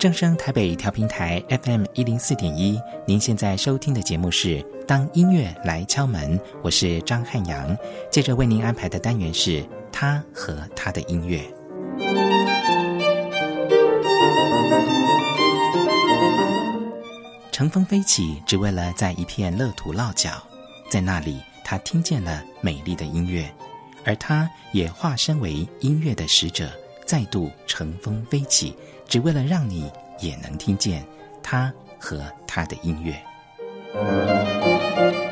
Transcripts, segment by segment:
正聲台北調頻台 FM 一零四點一，您現在收聽的節目是《當音樂來敲門》，我是張漢陽。接着為您安排的單元是《他和他的音樂》。乘風飛起，只為了在一片樂土落腳，在那裡他聽見了美麗的音樂，而他也化身為音樂的使者，再度乘風飛起，只為了讓你也能聽見他和他的音樂。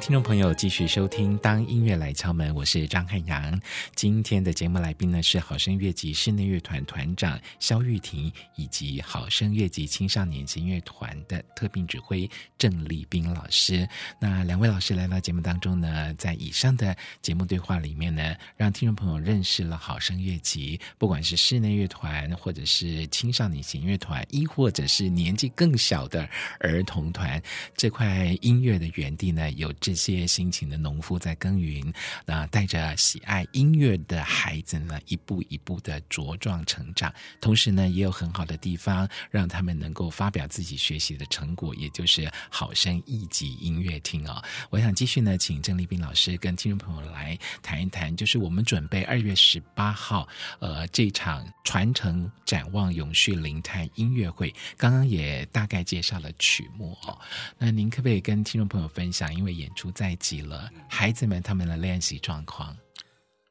聽眾朋友，繼續收聽《當音樂來敲門》，我是張漢陽。今天的節目來賓呢是好聲樂集室內樂團團長蕭育霆，以及好聲樂集青少年弦樂團的特聘指揮鄭立彬老師。那兩位老師來到節目當中呢，在以上的節目對話裡面呢，讓聽眾朋友認識了好聲樂集，不管是室內樂團，或者是青少年弦樂團，亦或者是年紀更小的兒童團這塊音樂的園地呢，有這些辛勤的農夫在耕耘，那、呃、帶着喜愛音樂的孩子呢，一步一步的茁壯成長。同時呢，也有很好的地方，讓他們能夠發表自己學習的成果，也就是好聲藝集音樂廳哦。我想繼續呢，請鄭立彬老師跟聽眾朋友來談一談，就是我們準備二月十八號，呃，這場傳承展望永續零碳音樂會，剛剛也大概介紹了曲目哦。那您可不可以跟聽眾朋友分享，因為演出在即了，孩子們他們的練習狀況。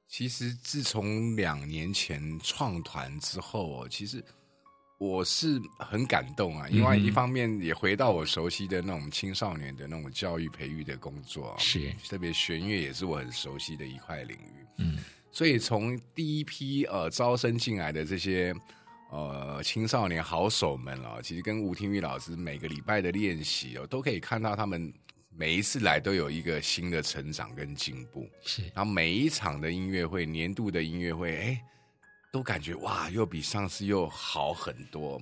其實自從兩年前創團之後，其實我是很感動啊，因為一方面也回到我熟悉的那種青少年的那種教育培育的工作，是特別弦樂也是我很熟悉的一塊領域。嗯，所以從第一批呃招生進來的這些呃青少年好手們啊，其實跟吳庭毓老師每個禮拜的練習哦，都可以看到他們。每一次來都有一個新的成長跟進步，是。然後每一場的音樂會，年度的音樂會，哎，都感覺哇，又比上次又好很多。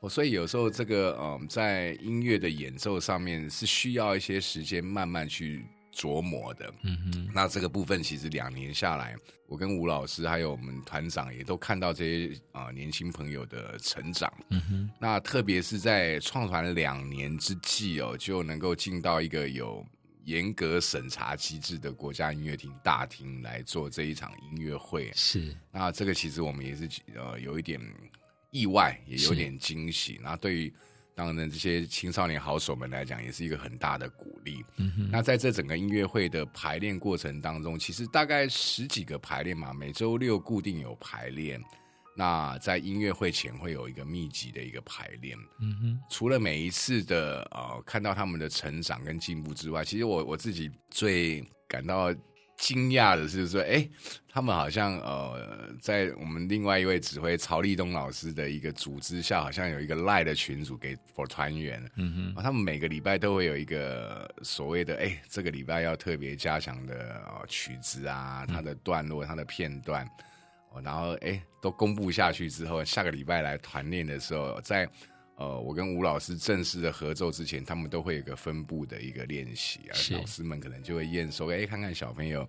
我所以有時候這個，嗯、呃，在音樂的演奏上面是需要一些時間慢慢去。琢磨的，嗯哼，那這個部分其實兩年下來，我跟吳老師還有我們團長也都看到這些啊、呃、年輕朋友的成長，嗯哼，那特別是在創團兩年之際哦，就能夠進到一個有嚴格審查機制的國家音樂廳大廳來做這一場音樂會，是，那這個其實我們也是呃有一點意外，也有點驚喜，那是對於。當然這些青少年好手們來講，也是一個很大的鼓勵。嗯、哼那在這整個音樂會的排練過程當中，其實大概十幾個排練嘛，每週六固定有排練。那在音樂會前會有一個密集的一個排練。嗯、哼除了每一次的、呃、看到他們的成長跟進步之外，其實我我自己最感到。驚訝的是說，哎、欸，他們好像呃，在我們另外一位指揮曹立東老師的一個組織下，好像有一個賴的群組給團員，嗯哼，他們每個禮拜都會有一個所謂的，哎、欸，這個禮拜要特別加強的、哦、曲子啊，它的段落、它的片段，嗯、哼然後哎、欸，都公布下去之後，下個禮拜來團練的時候，在。呃，我跟吳老師正式的合奏之前，他們都會有一個分部的一個練習是而老師們可能就會驗收，哎、欸，看看小朋友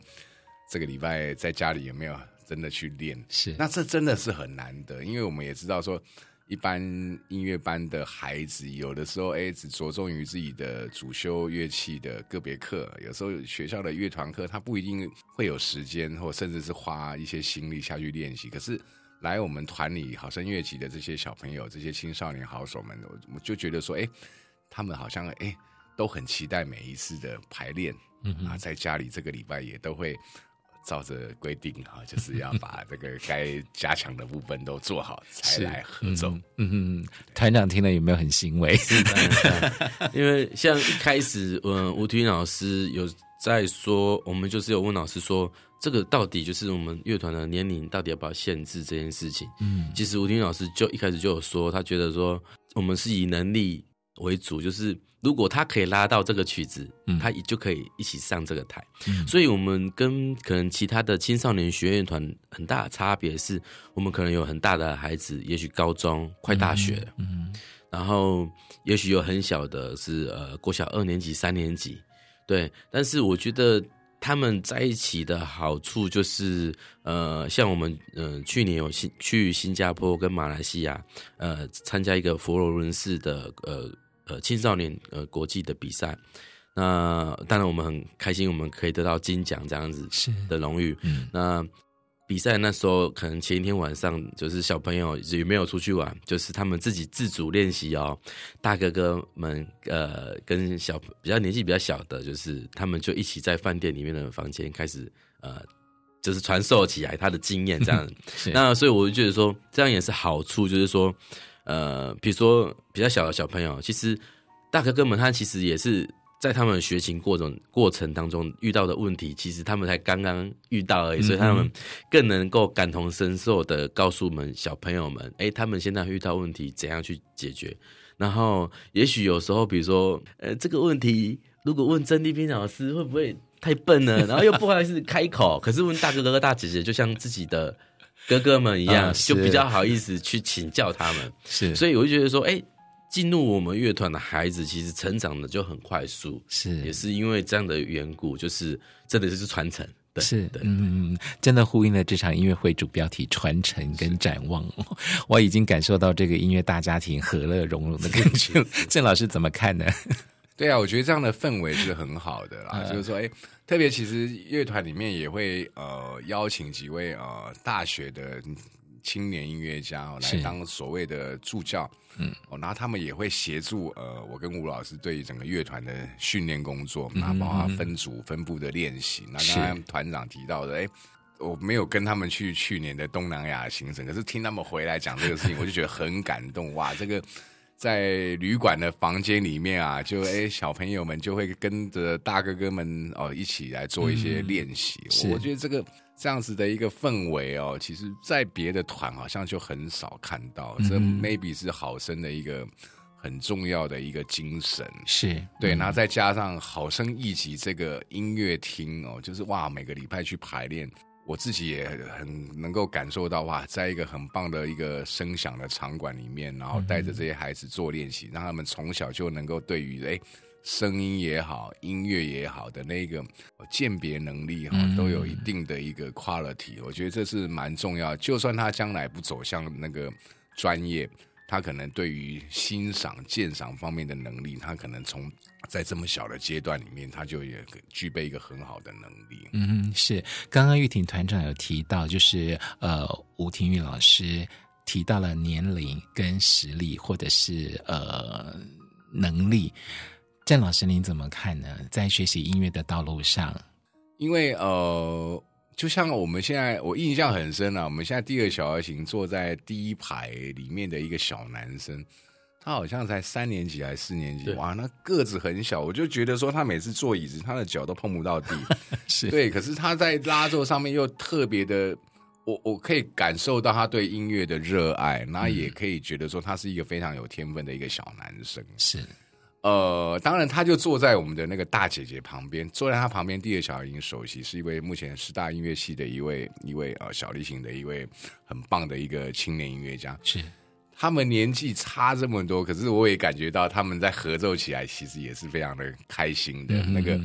這個禮拜在家裡有沒有真的去練。是，那這真的是很難得，因為我們也知道說，一般音樂班的孩子，有的時候哎、欸，只着重於自己的主修樂器的個別課，有時候學校的樂團課，他不一定會有時間，或甚至是花一些心力下去練習，可是。來我們團裡好聲樂集的這些小朋友，這些青少年好手們，我我就覺得說，哎、欸，他們好像哎、欸、都很期待每一次的排練，嗯、哼啊，在家裡這個禮拜也都會照着規定哈、啊，就是要把這個該加強的部分都做好， 才來合奏。嗯嗯哼，團對長聽了有沒有很欣慰？ 啊、因為像一開始，嗯、呃，吳庭毓老師有。再說，我們就是有問老師說，這個到底就是我們樂團的年齡到底要不要限制這件事情？嗯，其實吳庭老師就一開始就有說，他覺得說我們是以能力為主，就是如果他可以拉到這個曲子，嗯、他也就可以一起上這個台。嗯、所以，我們跟可能其他的青少年學院團很大差別是，我們可能有很大的孩子，也許高中快大學嗯，嗯，然後也許有很小的是，是呃，國小二年級、三年級。對，但是我覺得他們在一起的好處就是，呃，像我們，嗯、呃，去年有新去新加坡跟馬來西亞，呃，參加一個佛羅倫斯的，呃，呃，青少年呃國際的比賽，那當然我們很開心，我們可以得到金獎這樣子的榮譽，嗯，那。比賽那時候，可能前一天晚上就是小朋友也沒有出去玩，就是他們自己自主練習哦。大哥哥們，呃，跟小比較年紀比較小的，就是他們就一起在飯店裡面的房間開始，呃，就是傳授起來他的經驗這樣。 是那所以我就覺得說，這樣也是好處，就是說，呃，比如說比較小的小朋友，其實大哥哥們他其實也是。在他們學琴過程過程當中遇到的問題，其實他們才剛剛遇到而已，嗯、哼所以他們更能夠感同身受的告訴我們小朋友們，哎、欸，他們現在遇到問題怎樣去解決？然後也許有時候，比如說，呃，這個問題如果問鄭立彬老師會不會太笨呢？然後又不好意思開口， 可是問大哥哥，哥大姐姐，就像自己的哥哥們一樣， 嗯、是就比較好意思去請教他們。是，所以我就覺得說，哎、欸。進入我們樂團的孩子，其實成長的就很快速，是，也是因為這樣的緣故，就是這裡就是傳承，對是的。對嗯，真的呼應了這場音樂會主標題“傳承”跟“展望”是。我已經感受到這個音樂大家庭和樂融融的感覺是是是鄭老師怎麼看呢？對啊，我覺得這樣的氛圍是很好的、呃、就是說誒，特別其實樂團裡面也會呃邀請幾位呃大學的。青年音樂家來當所謂的助教，嗯，然後他們也會協助呃，我跟吳老師對於整個樂團的訓練工作，然後包括分組、分部的練習。那、嗯嗯、剛剛團長提到的，哎是，我沒有跟他們去去年的東南亞行程，可是聽他們回來講這個事情， 我就覺得很感動哇，這個。在旅館的房間裡面啊，就誒、欸、小朋友們就會跟着大哥哥們哦一起來做一些練習。嗯、我覺得這個這樣子的一個氛圍哦，其實在別的團好像就很少看到，嗯、這 maybe 是好聲的一個很重要的一個精神。是對，然後再加上好聲藝集這個音樂廳哦，就是哇，每個禮拜去排練。我自己也很能夠感受到哇，在一個很棒的一個聲響的場館裡面，然後帶着這些孩子做練習，嗯、哼讓他們從小就能夠對於誒聲音也好、音樂也好的那個鑑別能力哈，都有一定的一個 quality、嗯哼。我覺得這是蠻重要的，就算他將來不走向那個專業。他可能對於欣賞、鑑賞方面的能力，他可能從在這麼小的階段裡面，他就也具備一個很好的能力。嗯，是。剛剛育霆團長有提到，就是呃，吳庭毓老師提到了年齡跟實力，或者是呃能力。鄭老師，你怎麼看呢？在學習音樂的道路上，因為呃。就像我們現在，我印象很深啊，我們現在第二小提琴坐在第一排裡面的一個小男生，他好像才三年級還是四年級，對哇，那個子很小，我就覺得說他每次坐椅子，他的腳都碰不到地。 是，對，可是他在拉奏上面又特別的，我我可以感受到他對音樂的熱愛，那也可以覺得說他是一個非常有天分的一個小男生。是。呃，當然，他就坐在我們的那個大姐姐旁邊，坐在他旁邊。第二小提琴首席是一位目前師大音樂系的一位一位呃小提琴的一位很棒的一個青年音樂家。是，他們年紀差這麼多，可是我也感覺到他們在合奏起來其實也是非常的開心的。嗯、哼那個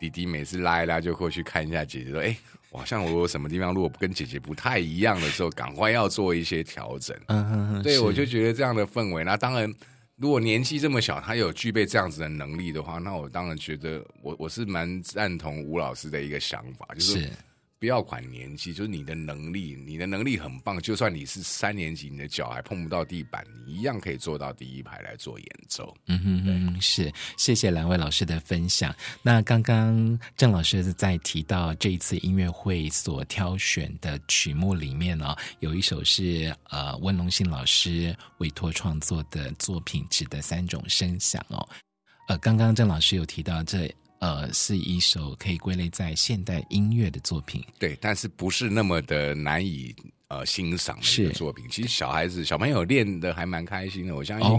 弟弟每次拉一拉就過去看一下姐姐說：“哎，我好像我有什麼地方如果跟姐姐不太一樣的時候，趕快要做一些調整。嗯”嗯嗯嗯。所以我就覺得這樣的氛圍，那當然。如果年紀這麼小，他有具備這樣子的能力的話，那我當然覺得我，我我是蠻贊同吳老師的一個想法，就是。不要管年紀，就是你的能力，你的能力很棒。就算你是三年級，你的腳還碰不到地板，你一樣可以坐到第一排來做演奏。嗯哼，哼，對是，謝謝兩位老師的分享。那剛剛鄭老師在提到這一次音樂會所挑選的曲目裡面呢、哦，有一首是呃溫隆信老師委託創作的作品《紙的三種聲響》哦。呃，剛剛鄭老師有提到這。呃，是一首可以歸類在現代音樂的作品。對，但是不是那麼的難以，呃，欣賞的一個作品，是其實小孩子對小朋友練的還蠻開心的。我相信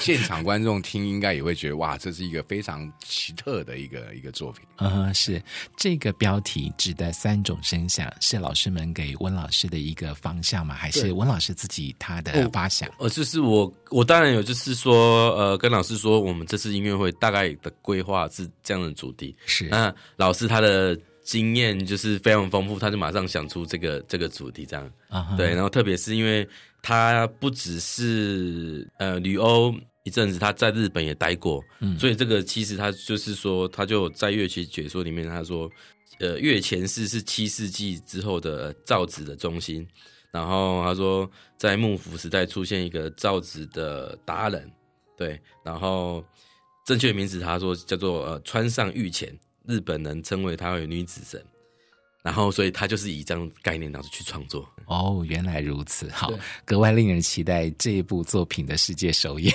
現場觀眾聽應該也會覺得，哦， 哇，這是一個非常奇特的一個一個作品。嗯，是這個標題指的三種聲響，是老師們給溫老師的一個方向嗎？還是溫老師自己他的發想？呃，就是我我當然有，就是說呃，跟老師說我們這次音樂會大概的規劃是這樣的主題。是，嗯，老師他的。經驗就是非常豐富，他就馬上想出這個這個主題這樣，uh huh. 對，然後特別是因為他不只是呃旅歐一陣子，他在日本也待過，uh huh. 所以這個其實他就是說，他就在樂器解說裡面，他說，呃，越前市是，是七世紀之後的造紙的中心，然後他說在幕府時代出現一個造紙的達人，對，然後正確名字他說叫做呃川上御前。日本人稱為她為女子神，然後所以她就是以這樣概念然後去創作。哦，原來如此，好，對格外令人期待這一部作品的世界首演。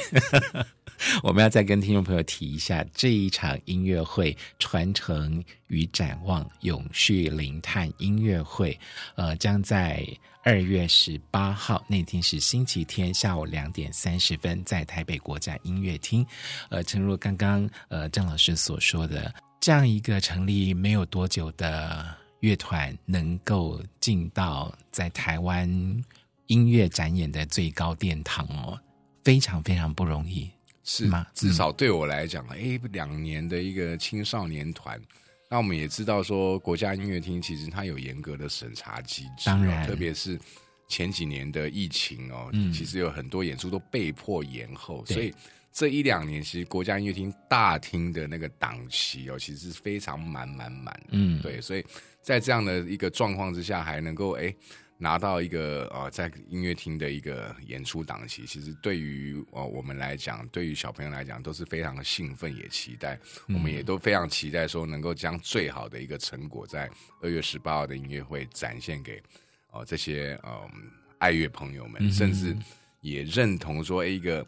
我們要再跟聽眾朋友提一下，這一場音樂會傳承與展望永續零碳音樂會，呃，將在二月十八號那天是星期天下午兩點三十分，在台北國家音樂廳。呃，正如剛剛呃鄭老師所說的，這樣一個成立沒有多久的樂團，能夠進到在台灣音樂展演的最高殿堂哦，非常非常不容易。是嗎？至少對我來講，哎，嗯，欸，兩年的一個青少年團，那我們也知道說，國家音樂廳其實它有嚴格的審查機制，當然，特別是前幾年的疫情哦，嗯，其實有很多演出都被迫延後，對，所以這一兩年其實國家音樂廳大廳的那個檔期哦，其實是非常滿滿滿，嗯，對，所以在這樣的一個狀況之下，還能夠哎，欸。拿到一個呃，在音樂廳的一個演出檔期，其實對於呃我們來講，對於小朋友來講，都是非常的興奮，也期待。我們也都非常期待說，能夠將最好的一個成果，在二月十八號的音樂會展現給呃這些呃愛樂朋友們，嗯、哼甚至也認同說一個。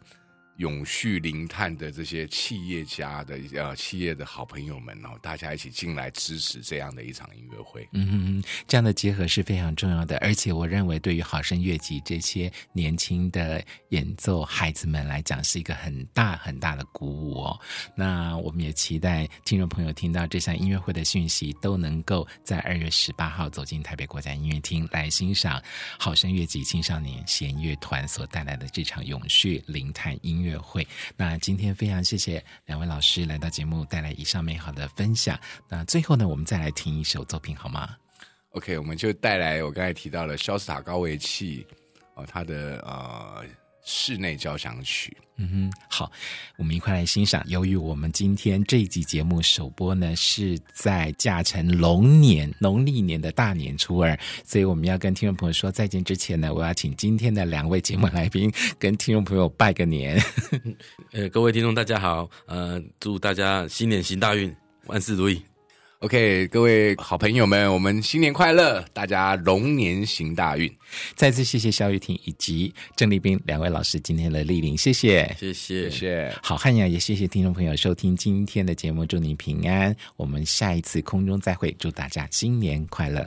永續零碳的這些企業家的呃企業的好朋友們哦，大家一起進來支持這樣的一場音樂會。嗯哼，這樣的結合是非常重要的，而且我認為對於好聲樂集這些年輕的演奏孩子們來講，是一個很大很大的鼓舞哦。那我們也期待聽眾朋友聽到這項音樂會的訊息，都能夠在二月十八號走進台北國家音樂廳來欣賞好聲樂集青少年弦樂團所帶來的這場永續零碳音樂樂會。那今天非常謝謝兩位老師來到節目，帶來以上美好的分享。那最後呢，我們再來聽一首作品好嗎？OK，我們就帶來我剛才提到了蕭士塔高維其，呃，他的啊。呃室內交響曲，嗯哼，好，我們一塊來欣賞。由於我們今天這一集節目首播呢是在甲辰龍年農曆年的大年初二，所以我們要跟聽眾朋友說再見之前呢，我要請今天的兩位節目來賓跟聽眾朋友拜個年。呵呵。呃，各位聽眾大家好，呃，祝大家新年行大運，萬事如意。OK，各位好朋友們，我們新年快樂！大家龍年行大運，再次謝謝蕭育霆以及鄭立彬兩位老師今天的蒞臨，謝謝謝謝謝。好漢呀，也謝謝聽眾朋友收聽今天的節目，祝您平安。我們下一次空中再會，祝大家新年快樂。